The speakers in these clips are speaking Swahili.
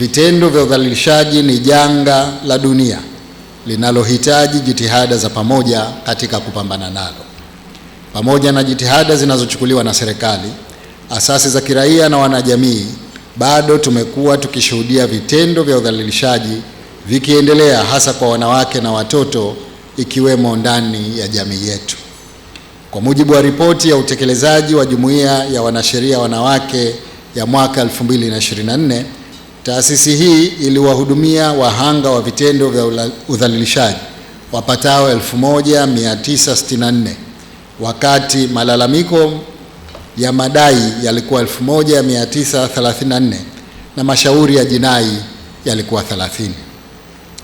Vitendo vya udhalilishaji ni janga la dunia linalohitaji jitihada za pamoja katika kupambana nalo. Pamoja na jitihada zinazochukuliwa na serikali, asasi za kiraia na wanajamii, bado tumekuwa tukishuhudia vitendo vya udhalilishaji vikiendelea, hasa kwa wanawake na watoto, ikiwemo ndani ya jamii yetu. Kwa mujibu wa ripoti ya utekelezaji wa Jumuiya ya Wanasheria Wanawake ya mwaka 2024 Taasisi hii iliwahudumia wahanga wa vitendo vya udhalilishaji wapatao 1964 wakati malalamiko ya madai yalikuwa 1934 na mashauri ya jinai yalikuwa 30.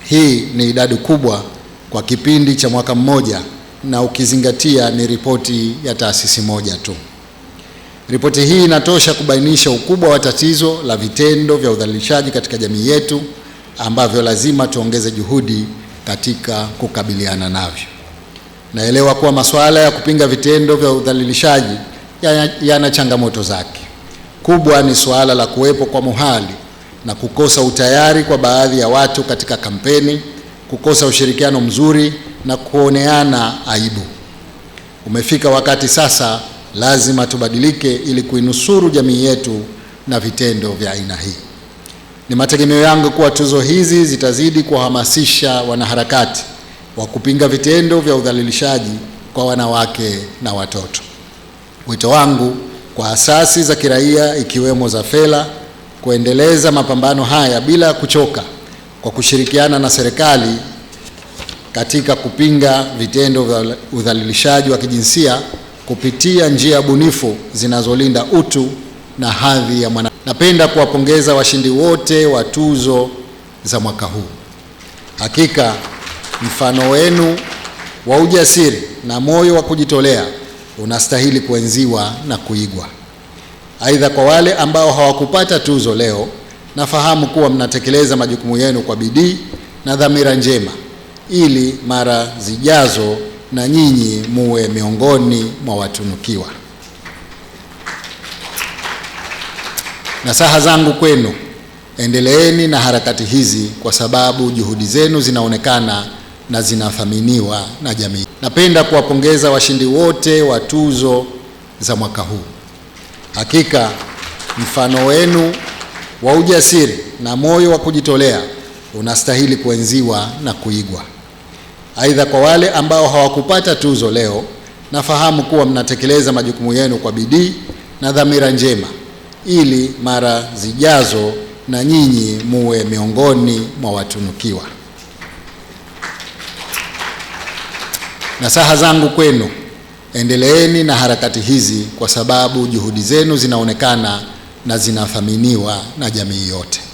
Hii ni idadi kubwa kwa kipindi cha mwaka mmoja na ukizingatia ni ripoti ya taasisi moja tu. Ripoti hii inatosha kubainisha ukubwa wa tatizo la vitendo vya udhalilishaji katika jamii yetu ambavyo lazima tuongeze juhudi katika kukabiliana navyo. Naelewa kuwa masuala ya kupinga vitendo vya udhalilishaji yana ya changamoto zake. Kubwa ni suala la kuwepo kwa muhali na kukosa utayari kwa baadhi ya watu katika kampeni, kukosa ushirikiano mzuri na kuoneana aibu. Umefika wakati sasa Lazima tubadilike ili kuinusuru jamii yetu na vitendo vya aina hii. Ni mategemeo yangu kuwa tuzo hizi zitazidi kuwahamasisha wanaharakati wa kupinga vitendo vya udhalilishaji kwa wanawake na watoto. Wito wangu kwa asasi za kiraia ikiwemo za Fela kuendeleza mapambano haya bila kuchoka kwa kushirikiana na serikali katika kupinga vitendo vya udhalilishaji wa kijinsia kupitia njia bunifu zinazolinda utu na hadhi ya mwana. Napenda kuwapongeza washindi wote wa tuzo za mwaka huu. Hakika mfano wenu wa ujasiri na moyo wa kujitolea unastahili kuenziwa na kuigwa. Aidha, kwa wale ambao hawakupata tuzo leo, nafahamu kuwa mnatekeleza majukumu yenu kwa bidii na dhamira njema ili mara zijazo na nyinyi muwe miongoni mwa watunukiwa. Nasaha zangu kwenu, endeleeni na harakati hizi kwa sababu juhudi zenu zinaonekana na zinathaminiwa na jamii. Napenda kuwapongeza washindi wote wa tuzo za mwaka huu. Hakika mfano wenu wa ujasiri na moyo wa kujitolea unastahili kuenziwa na kuigwa. Aidha, kwa wale ambao hawakupata tuzo leo, nafahamu kuwa mnatekeleza majukumu yenu kwa bidii na dhamira njema, ili mara zijazo na nyinyi muwe miongoni mwa watunukiwa. Nasaha zangu kwenu, endeleeni na harakati hizi, kwa sababu juhudi zenu zinaonekana na zinathaminiwa na jamii yote.